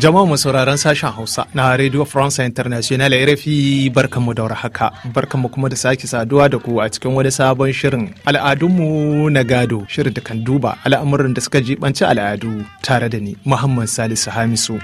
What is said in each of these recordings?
Jama'a mu sauraron sashen Hausa na Radio France International RFI barkanmu da warhaka. Barkanmu kuma da sake saduwa da ku a cikin wani sabon shirin al'adunmu na gado shirin da kan duba al'amuran da suka jibanci al'adu tare da ni Muhammad Salisu Hamisu.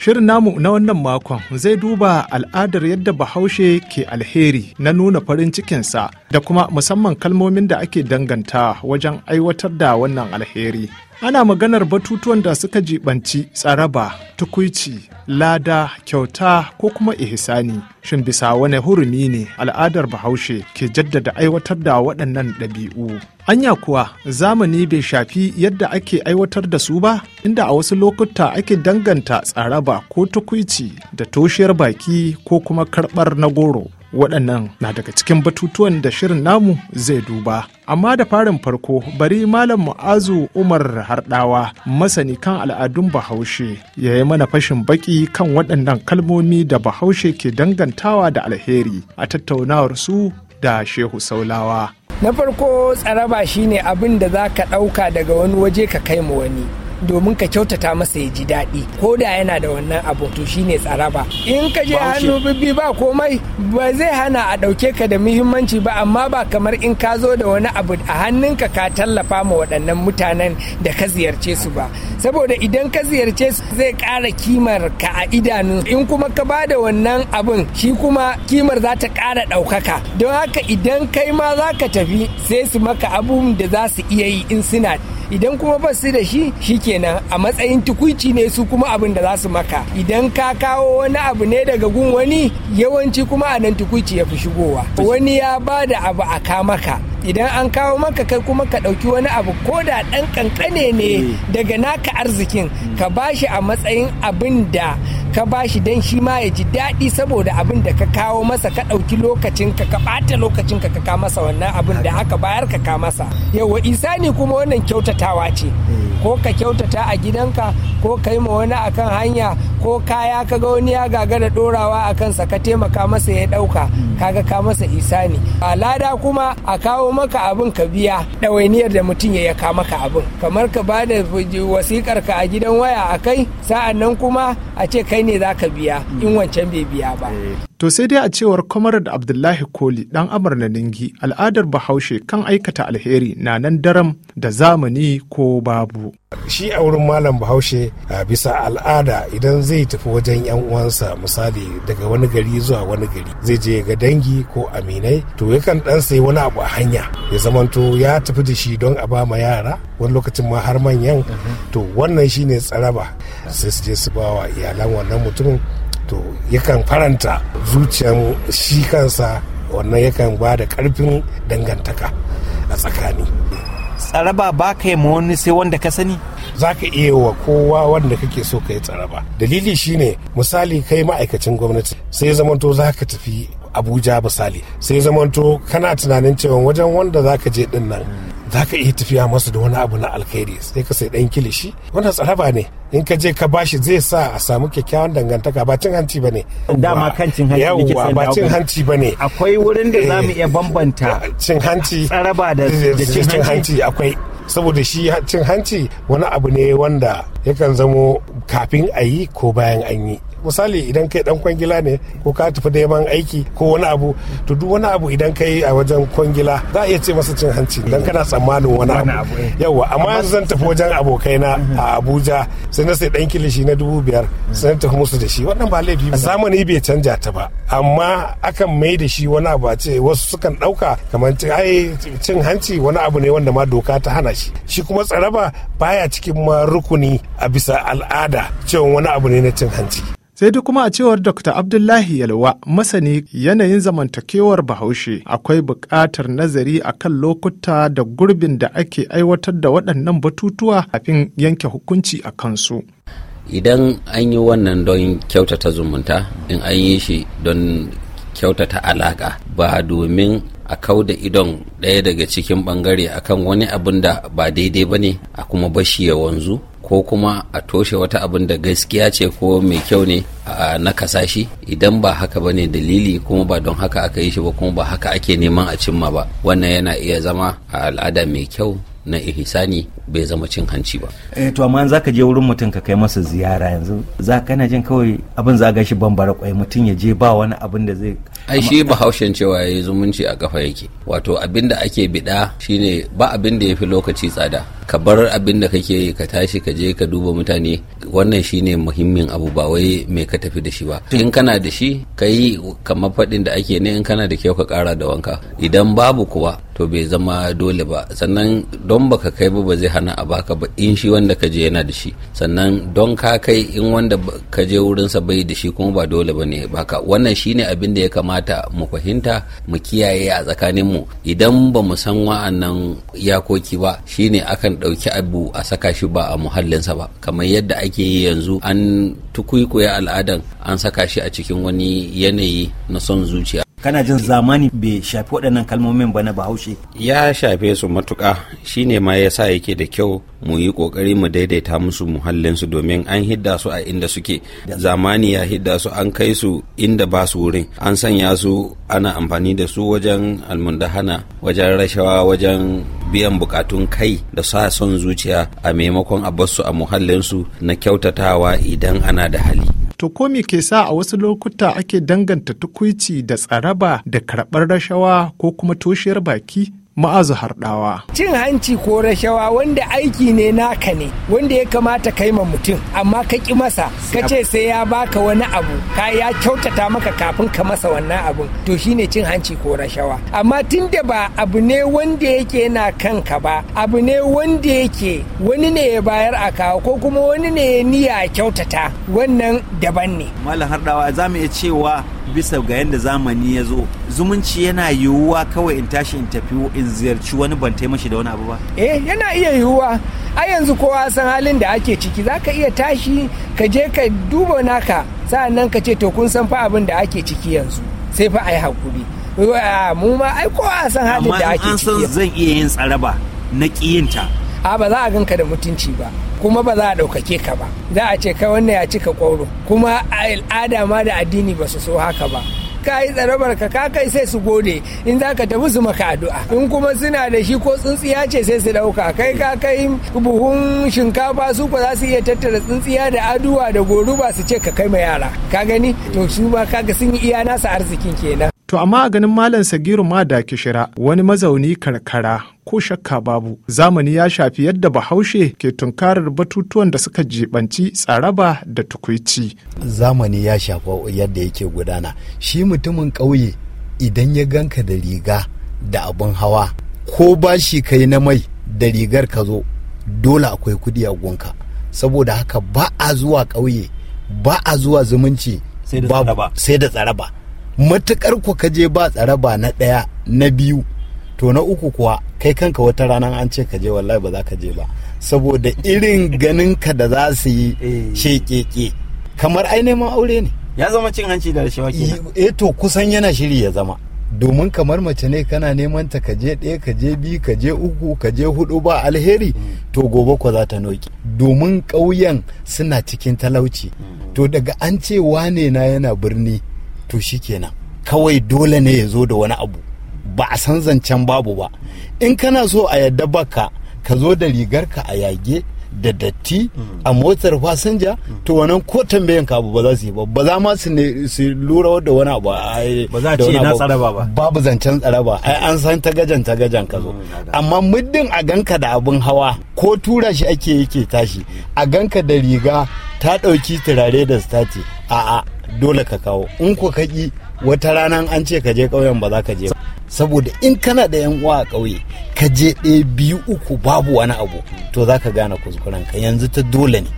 Shirin namu na wannan makon zai duba al'adar yadda Bahaushe ke alheri na nuna farin cikinsa da kuma musamman kalmomin da ake danganta wajen aiwatar da wannan alheri. ana maganar batutuwan da suka jibanci tsaraba tukuici lada kyauta ko kuma ihsani shin bisa wani hurumi ne al'adar bahaushe ke jaddada aiwatar da waɗannan ɗabi'u anya kuwa zamani bai shafi yadda ake aiwatar da su ba inda a wasu lokuta ake danganta tsaraba ko tukuici da toshiyar baki ko kuma karɓar na goro waɗannan na daga cikin batutuwan da shirin namu zai duba amma da farin farko bari malam mu'azu umar harɗawa masani kan al'adun bahaushe ya yi mana fashin baki kan waɗannan kalmomi da bahaushe ke dangantawa da alheri a tattaunawar su da shehu saulawa na farko tsaraba shine abin da za ka ɗauka daga wani waje ka kai mu wani domin ka kyautata masa ya ji daɗi ko da yana da wannan abu to shine tsaraba in ka je hannu bibbi ba komai ba zai hana a ɗauke ka da muhimmanci ba amma ba kamar in ka zo da wani abu a hannunka ka tallafa ma waɗannan mutanen da ka ziyarce su ba saboda idan ka ziyarce su zai ƙara kimar ka a idanu in kuma ka ba da wannan abun. shi kuma kimar za ta ƙara ɗaukaka don haka idan kai ma za ka tafi sai su maka abun da za su iya yi in suna idan kuma ba su da shi shi kenan a matsayin tukuici ne su kuma abin da za su maka idan ka kawo wani abu ne daga gun wani yawanci kuma a nan tukuici ya fi shigowa wani ya ba da abu a ka maka idan an kawo maka kai kuma ka ɗauki wani abu ko da ɗan ƙanƙane ne eh. daga naka arzikin ka ba shi a matsayin abin da ka ba shi don shi ma ya ji daɗi saboda abin da ka kawo masa ka ɗauki lokacinka ka ɓata lokacinka ka ka masa wannan abin da aka bayar ka ka masa yawa isani kuma wannan kyautatawa ce eh. ko ka kyautata a gidanka ko ka yi ma wani akan hanya ko kaya ka ga wani ya gaga da dorawa a kansa ka taimaka masa ya dauka kaga ka masa isa ne. a lada kuma a kawo maka abin ka biya ɗawainiyar da mutum ya yaka maka abin kamar ka ba da wasikar ka a gidan waya a kai sa'an nan kuma a ce kai ne za ka biya in wancan bai biya ba To sai dai a cewar Comrade Abdullahi Koli ɗan Amar Ningi al'adar Bahaushe kan aikata alheri na nan daram da zamani ko babu. Shi a wurin Malam Bahaushe a bisa al'ada idan zai tafi wajen 'yan uwansa misali daga wani gari zuwa wani gari zai je ga dangi ko aminai to yakan ɗan sai wani abu a hanya ya zamanto ya tafi da shi don a ba ma yara wani lokacin ma har manyan mhm. to wannan shine tsaraba sai su je su ba wa iyalan wannan mutumin to yakan faranta zuciyan shi kansa wannan yakan ba da karfin dangantaka a tsakani tsaraba ba ka yi wani sai wanda ka sani za ka iya wa kowa wanda kake so ka yi tsaraba dalili shine misali kai ma'aikacin gwamnati sai zamanto za ka tafi abuja misali sai zamanto kana tunanin cewa wajen wanda za ka je din za ka iya tafiya masa da wani abu na alkhairi sai ka sai dan kilishi wannan tsaraba ne in ka je ka bashi zai sa a samu kyakkyawan dangantaka ba cin hanci ba ne dama kan cin hanci ne ba cin hanci bane akwai wurin da za mu iya eh, bambanta cin hanci tsaraba da eh, cin hanci akwai saboda shi cin hanci wani abu ne wanda yakan zamo kafin a yi ko bayan an yi misali idan kai dan kwangila ne ko ka tafi neman aiki ko wani abu to duk wani abu idan kai a wajen kwangila za a iya ce masa cin hanci dan kana tsammanin wani abu eh. yawa amma yanzu zan tafi wajen abokai na a Abuja sai na sai dan kilishi na dubu biyar sai na tafi musu da shi wannan ba laifi zamani bai canja ta ba amma akan mai da shi wani abu a ce wasu sukan dauka kamar ai cin hanci wani abu ne wanda ma doka ta hana shi shi kuma tsaraba baya cikin ma rukuni a bisa al'ada cewa wani abu ne na cin hanci sai duk kuma a cewar dr abdullahi yalwa masani yanayin zamantakewar bahaushe akwai buƙatar nazari a kan lokuta da gurbin da ake aiwatar da waɗannan batutuwa kafin yanke hukunci a kansu idan an yi wannan don kyautata zumunta in an yi shi don kyautata alaƙa ba domin a kau da idon ɗaya daga cikin ɓangare akan wani abin da ba daidai ba ne a kuma bashi ya wanzu ko kuma a toshe wata abin da gaskiya ce ko mai kyau ne na kasashi idan ba haka ba ne dalili kuma ba don haka aka yi shi ba kuma ba haka ake neman a cimma ba wannan yana iya zama a al'ada mai kyau na ihisani bai zama cin hanci ba eh to amma za ka je wurin mutum ka kai masa ziyara yanzu za ka kana jin kawai abin za ga shi bambara kwai mutum ya je ba wani abin da zai ai shi bahaushen cewa ya yi zumunci a kafa yake wato abin da ake bida shine ba abin da ya fi lokaci tsada ka bar abin da kake ka tashi ka je ka duba mutane wannan shine muhimmin abu ba wai me ka tafi da shi ba in kana da shi ka yi kamar faɗin da ake ne in kana da kyau ka ƙara da wanka idan babu kuwa to bai zama dole ba sannan don baka kai ba ba zai hana a baka ba in shi wanda ka je yana da shi sannan don ka kai in wanda ka je wurinsa bai da shi kuma ba dole ba ne baka wannan shine abin da ya kamata mu fahimta mu kiyaye a tsakanin mu idan ba mu san wa'annan iyakoki ba shine akan ɗauki abu a saka shi ba a muhallinsa ba kamar yadda ake yi yanzu an tukuikuya al'adan an saka shi a cikin wani yanayi na son zuciya kana jin zamani bai shafi waɗannan kalmomin ba na bahaushe ya shafe su matuƙa shine ma ya sa yake da kyau mu yi ƙoƙari mu daidaita musu muhallinsu domin an hidda su a inda suke zamani ya hidda su an kai su inda ba su wurin an sanya su ana amfani da su wajen almundahana wajen rashawa wajen biyan bukatun kai da sa son zuciya a maimakon a su a muhallinsu na kyautatawa idan ana da hali To ko me ke sa a wasu lokuta ake danganta tukuici da tsaraba da karɓar rashawa ko kuma toshiyar baki? ma'azu harɗawa. Cin hanci ko rashawa wanda aiki ne naka ne wanda ya kamata kai ma mutum amma ka ki masa ka ce sai ya baka wani abu ka ya kyautata maka kafin ka masa wannan abun to shine cin hanci ko rashawa amma tun da ba abu ne wanda yake na kanka ba abu ne wanda yake wani ne ya bayar a kawo ko kuma wani ne ya niya kyautata wannan daban ne. Malam harɗawa za mu iya cewa bisa ga yadda zamani ya zo zumunci yana yiwuwa kawai in tashi in tafi in ziyarci wani ban taimashi da wani abu ba eh yana iya yiwuwa a yanzu kowa san halin da ake ciki za ka iya tashi ka je ka duba naka nan ka ce to kun san fa abin da ake ciki yanzu sai fa a yi hakuri mu ma ai kowa san halin da ake ciki amma an san zan iya yin tsaraba na kiyinta a ba za a ganka da mutunci ba kuma ba za a ɗaukake ka ba za a ce kai wannan ya cika ƙwauro kuma al'ada ma da addini ba su so haka ba ka yi tsarabar ka ka kai sai su gode in za ka tafi su maka addu'a in kuma suna da shi ko tsintsiya ce sai su ɗauka. kai ka kai buhun shinkafa su ko za su iya tattara tsintsiya da aduwa da goruba su ce ka kai ma yara ka gani to su ba kaga sun yi iya nasa arzikin kenan To amma a ganin Malam Sagiru Mada Kishira wani mazauni karkara ko shakka babu zamani ya shafi yadda bahaushe ke tunkarar batutuwan da suka jibanci tsaraba da tukuici. Zamani ya shafa yadda yake gudana shi mutumin ƙauye idan ya ganka da riga da abin hawa ko ba bashi kai na mai da rigar ka zo dole akwai kudi a gunka saboda haka ba a zuwa ƙauye ba a zuwa zumunci sai da tsaraba matukar ku ka je ba tsare ba na ɗaya na biyu to na uku kuwa kai kanka wata rana an ce ka je wallahi ba za ka je ba saboda irin ganin ka da za su yi eh. shekeke kamar ai neman aure ne ya zama cin hanci da rashawa kenan eh to kusan yana shiri ya zama domin kamar mace ne kana neman ta ka je ɗaya ka je biyu ka je uku ka je hudu ba alheri mm. to gobe ko za ta noki domin ƙauyen suna cikin talauci mm. to daga an ce wane na yana birni to shi kenan kawai dole ne ya zo da wani abu ba a san zancen babu ba in kana so a yadda baka ka zo da rigarka a yage da datti mm. a motar fasinja mm. to wannan ko tambayan ka abu ba za su yi ba za ma su lura da wani abu ba za ce na tsaraba ba babu zancen tsaraba ai an san ta gajan ta gajan ka zo mm, amma muddin a ganka da abin hawa ko tura shi ake yake tashi a ganka da riga ta ɗauki turare da stati a'a dole ka kawo in ko ka wata rana an ce ka je ƙauyen ba za ka je saboda in kana da yan uwa a ƙauye ka je ɗaya biyu uku babu wani abu to za ka gane kuskuren ka yanzu ta dole ne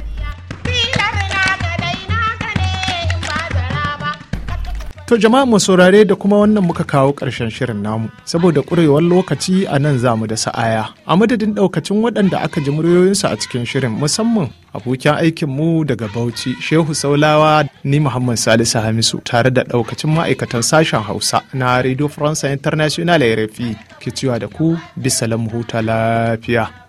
To jama'a mu saurare da kuma wannan muka kawo ƙarshen shirin namu saboda ƙurewar lokaci a nan za mu da sa'aya. A madadin ɗaukacin waɗanda aka ji muryoyinsu a cikin shirin musamman abokin aikinmu daga Bauchi Shehu Saulawa ni Muhammad Salisu Hamisu tare da ɗaukacin ma'aikatan sashen Hausa na Radio France International RFI ke cewa da ku bisa huta lafiya.